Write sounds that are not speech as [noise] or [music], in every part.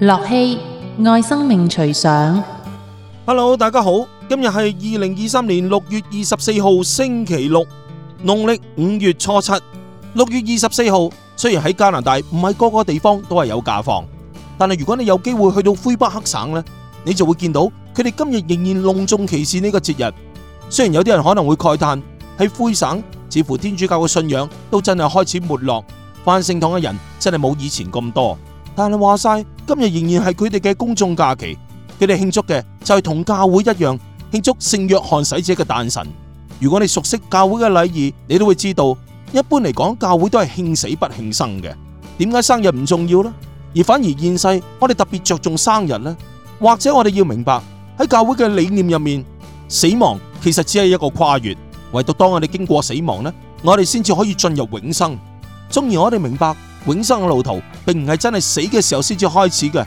駱曦愛生命 [music] 隨想. Hello, 大家好.今日係2023年6月24號星期六農曆5月初7 6月24號雖然喺加拿大唔係個個地方都係有假放但係如果你有機會去到魁北克省呢你就會見到佢哋今日仍然隆重其事呢個節日但係話晒，今日仍然係佢哋嘅公眾假期，佢哋慶祝嘅就係同教會一樣慶祝聖約翰洗者嘅誕辰。如果你熟悉教會嘅禮儀，你都會知道，一般嚟講教會都係慶死不慶生嘅。點解生日唔重要呢？而反而現世，我哋特別着重生日呢？或者我哋要明白喺教會嘅理念入面，死亡其實只係一個跨越，唯獨當我哋經過死亡呢，我哋先至可以進入永生。終於我哋明白。永生嘅路途，並唔係真係死嘅時候先至開始嘅。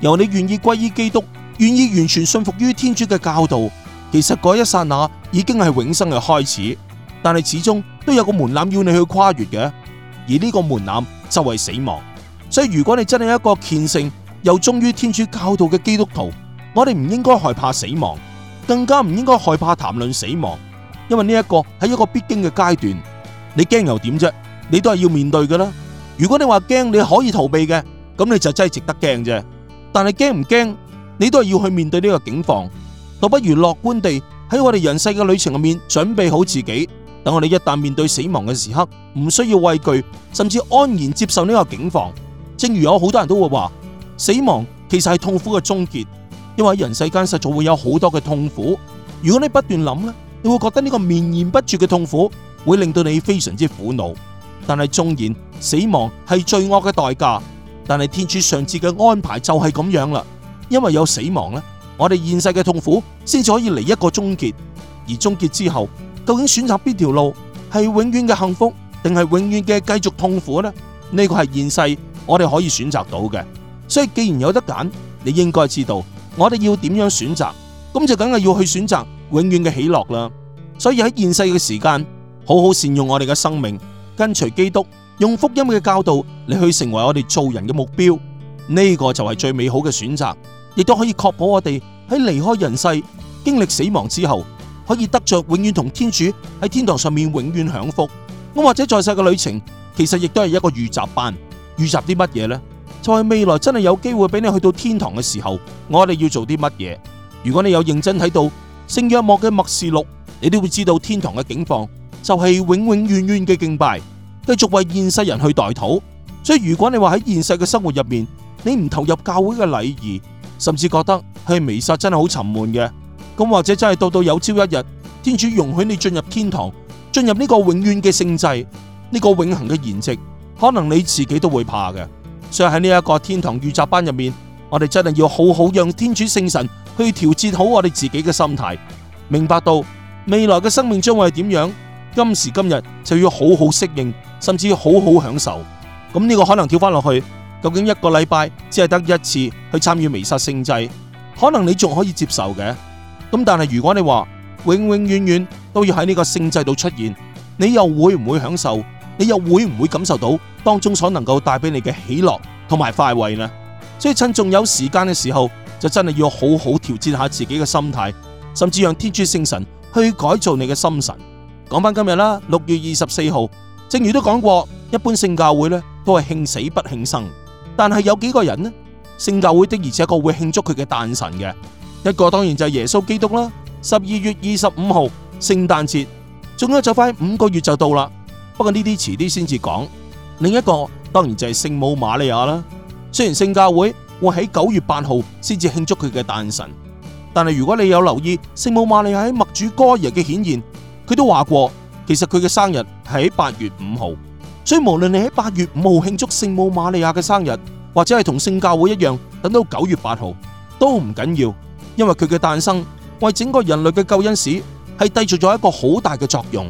由你願意歸依基督，願意完全信服於天主嘅教導，其實嗰一剎那已經係永生嘅開始。但係始終都有個門檻要你去跨越嘅，而呢個門檻就係死亡。所以如果你真係一個虔誠又忠於天主教導嘅基督徒，我哋唔應該害怕死亡，更加唔應該害怕談論死亡，因為呢一個係一個必經嘅階段，你驚又點啫？你都係要面對噶啦。如果你話驚，你可以逃避嘅，咁你就真係值得驚啫。但係驚唔驚，你都係要去面對呢個境況。倒不如樂觀地喺我哋人世嘅旅程入面，準備好自己，等我哋一旦面對死亡嘅時刻，唔需要畏懼，甚至安然接受呢個境況。正如有好多人都會話，死亡其實係痛苦嘅終結，因為人世間實在會有好多嘅痛苦。如果你不斷諗咧，你會覺得呢個綿延不絕嘅痛苦，會令到你非常之苦惱。但係縱然死亡係罪惡嘅代價，但係天主上次嘅安排就係咁樣啦。因為有死亡咧，我哋現世嘅痛苦先至可以嚟一個終結。而終結之後，究竟選擇邊條路係永遠嘅幸福，定係永遠嘅繼續痛苦呢？呢個係現世我哋可以選擇到嘅。所以既然有得揀，你應該知道我哋要點樣選擇，咁就梗係要去選擇永遠嘅喜樂啦。所以喺現世嘅時間，好好善用我哋嘅生命。跟隨基督，用福音嘅教導，你去成為我哋做人嘅目標，呢、這個就係最美好嘅選擇，亦都可以確保我哋喺離開人世、經歷死亡之後，可以得着永遠同天主喺天堂上面永遠享福。咁或者在世嘅旅程，其實亦都係一個預習班，預習啲乜嘢呢？就係、是、未來真係有機會俾你去到天堂嘅時候，我哋要做啲乜嘢？如果你有認真睇到聖若望嘅默示錄，你都會知道天堂嘅境況。就係、是、永永遠遠嘅敬拜，繼續為現世人去代禱。所以如果你話喺現實嘅生活入面，你唔投入教會嘅禮儀，甚至覺得去彌撒真係好沉悶嘅，咁或者真係到到有朝一日，天主容許你進入天堂，進入呢個永遠嘅聖祭，呢、這個永恒嘅筵席，可能你自己都會怕嘅。所以喺呢一個天堂預習班入面，我哋真係要好好讓天主聖神去調節好我哋自己嘅心態，明白到未來嘅生命將會係點樣。今時今日就要好好適應，甚至要好好享受。咁呢個可能跳翻落去，究竟一個禮拜只係得一次去參與彌撒聖祭，可能你仲可以接受嘅。咁但係如果你話永永遠遠都要喺呢個聖祭度出現，你又會唔會享受？你又會唔會感受到當中所能夠帶俾你嘅喜樂同埋快慰呢？所以趁仲有時間嘅時候，就真係要好好調節下自己嘅心態，甚至讓天主聖神去改造你嘅心神。講翻今日啦，六月二十四號，正如都講過，一般聖教會咧都係慶死不慶生，但係有幾個人咧，聖教會的而且確個會慶祝佢嘅誕神辰嘅，一個當然就係耶穌基督啦。十二月二十五號聖誕節，仲有就快五個月就到啦。不過呢啲遲啲先至講，另一個當然就係聖母瑪利亞啦。雖然聖教會會喺九月八號先至慶祝佢嘅誕辰，但係如果你有留意聖母瑪利亞喺默主哥耶嘅顯現。佢都話過，其實佢嘅生日係喺八月五號，所以無論你喺八月五號慶祝聖母瑪利亞嘅生日，或者係同聖教會一樣等到九月八號都唔緊要，因為佢嘅誕生為整個人類嘅救恩史係締造咗一個好大嘅作用。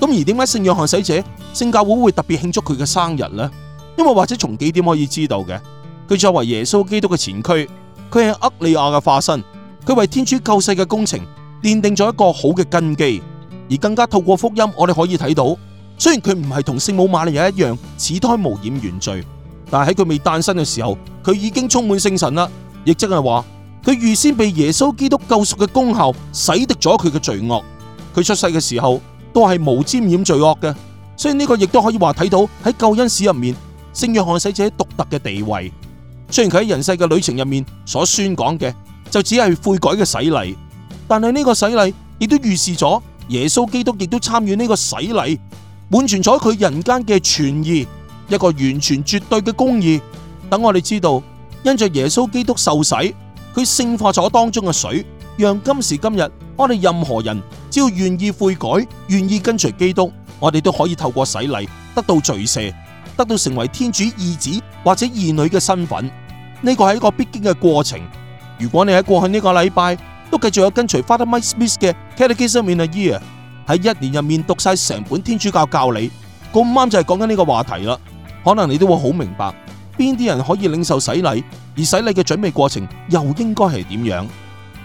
咁而點解聖約翰洗者、聖教會會特別慶祝佢嘅生日呢？因為或者從幾點可以知道嘅，佢作為耶穌基督嘅前驅，佢係厄利亞嘅化身，佢為天主救世嘅工程奠定咗一個好嘅根基。而更加透過福音，我哋可以睇到，雖然佢唔係同聖母瑪利亞一樣，始胎無染原罪，但係喺佢未誕生嘅時候，佢已經充滿聖神啦。亦即係話，佢預先被耶穌基督救贖嘅功效洗滌咗佢嘅罪惡。佢出世嘅時候都係無沾染罪惡嘅。所以呢個亦都可以話睇到喺救恩史入面，聖約翰洗者獨特嘅地位。雖然佢喺人世嘅旅程入面所宣講嘅就只係悔改嘅洗禮，但係呢個洗禮亦都預示咗。耶穌基督亦都參與呢個洗禮，滿全咗佢人間嘅全義，一個完全絕對嘅公義。等我哋知道，因着耶穌基督受洗，佢聖化咗當中嘅水，讓今時今日我哋任何人，只要願意悔改、願意跟隨基督，我哋都可以透過洗禮得到罪赦，得到成為天主義子或者義女嘅身份。呢個係一個必經嘅過程。如果你喺過去呢個禮拜，都繼續有跟隨 Father Mike Smith 嘅 Catechism in a Year 喺一年入面讀晒成本天主教教理，咁啱就係講緊呢個話題啦。可能你都會好明白邊啲人可以領受洗禮，而洗禮嘅準備過程又應該係點樣？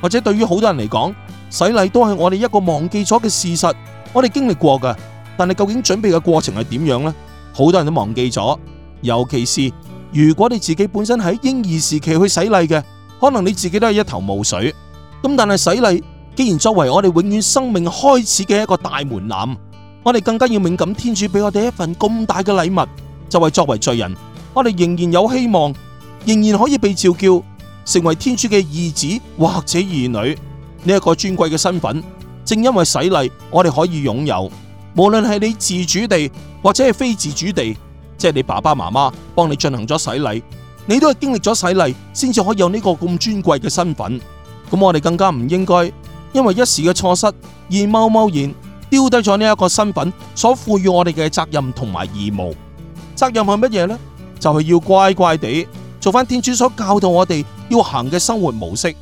或者對於好多人嚟講，洗禮都係我哋一個忘記咗嘅事實，我哋經歷過噶，但係究竟準備嘅過程係點樣呢？好多人都忘記咗，尤其是如果你自己本身喺嬰兒時期去洗禮嘅，可能你自己都係一頭霧水。咁，但係洗禮既然作為我哋永遠生命開始嘅一個大門檻，我哋更加要敏感。天主俾我哋一份咁大嘅禮物，就係作為罪人，我哋仍然有希望，仍然可以被召叫成為天主嘅兒子或者兒女。呢一個尊貴嘅身份。正因為洗禮，我哋可以擁有。無論係你自主地或者係非自主地，即係你爸爸媽媽幫你進行咗洗禮，你都係經歷咗洗禮，先至可以有呢個咁尊貴嘅身份。咁我哋更加唔應該，因為一時嘅錯失而貿貿然丟低咗呢一個身份所賦予我哋嘅責任同埋義務。責任係乜嘢呢？就係要乖乖地做返天主所教導我哋要行嘅生活模式，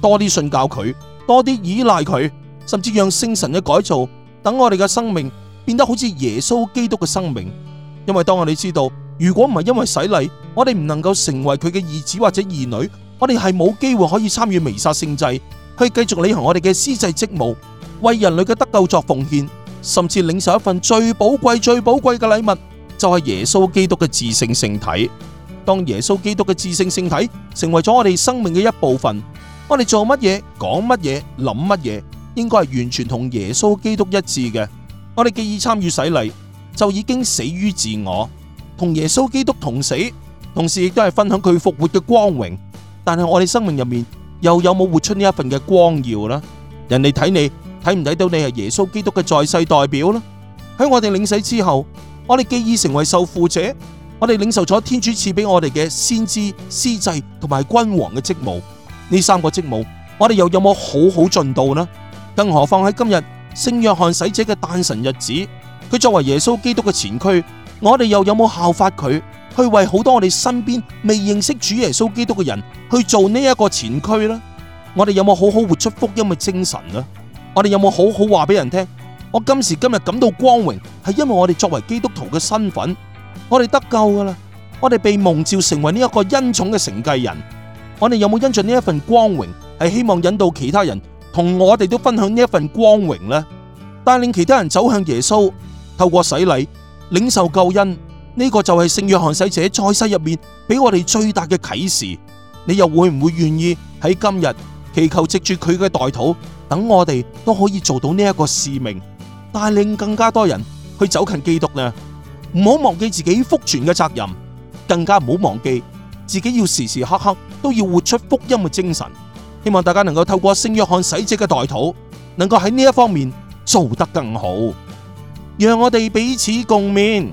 多啲信教佢，多啲依賴佢，甚至讓聖神嘅改造，等我哋嘅生命變得好似耶穌基督嘅生命。因為當我哋知道，如果唔係因為洗禮，我哋唔能夠成為佢嘅兒子或者兒女。我哋係冇機會可以參與彌撒聖祭，去繼續履行我哋嘅司祭職務，為人類嘅得救作奉獻，甚至領受一份最寶貴、最寶貴嘅禮物，就係、是、耶穌基督嘅至聖聖體。當耶穌基督嘅至聖聖體成為咗我哋生命嘅一部分，我哋做乜嘢、講乜嘢、諗乜嘢，應該係完全同耶穌基督一致嘅。我哋既已參與洗禮，就已經死於自我，同耶穌基督同死，同時亦都係分享佢復活嘅光榮。但係我哋生命入面又有冇活出呢一份嘅光耀呢？人哋睇你睇唔睇到你係耶穌基督嘅在世代表呢？喺我哋領洗之後，我哋既已成為受傅者，我哋領受咗天主賜俾我哋嘅先知、司祭同埋君王嘅職務，呢三個職務，我哋又有冇好好盡到呢？更何況喺今日聖約翰洗者嘅誕辰日子，佢作為耶穌基督嘅前驅，我哋又有冇效法佢？去為好多我哋身邊未認識主耶穌基督嘅人去做呢一個前驅啦！我哋有冇好好活出福音嘅精神啊？我哋有冇好好話俾人聽？我今時今日感到光榮，係因為我哋作為基督徒嘅身份，我哋得救噶啦，我哋被蒙召成為呢一個恩寵嘅承繼人。我哋有冇恩盡呢一份光榮？係希望引導其他人同我哋都分享呢一份光榮呢，帶領其他人走向耶穌，透過洗禮領受救恩。呢、這個就係聖約翰使者在世入面俾我哋最大嘅啟示，你又會唔會願意喺今日祈求藉住佢嘅代禱，等我哋都可以做到呢一個使命，帶領更加多人去走近基督呢？唔好忘記自己福傳嘅責任，更加唔好忘記自己要時時刻刻都要活出福音嘅精神。希望大家能夠透過聖約翰使者嘅代禱，能夠喺呢一方面做得更好，讓我哋彼此共勉。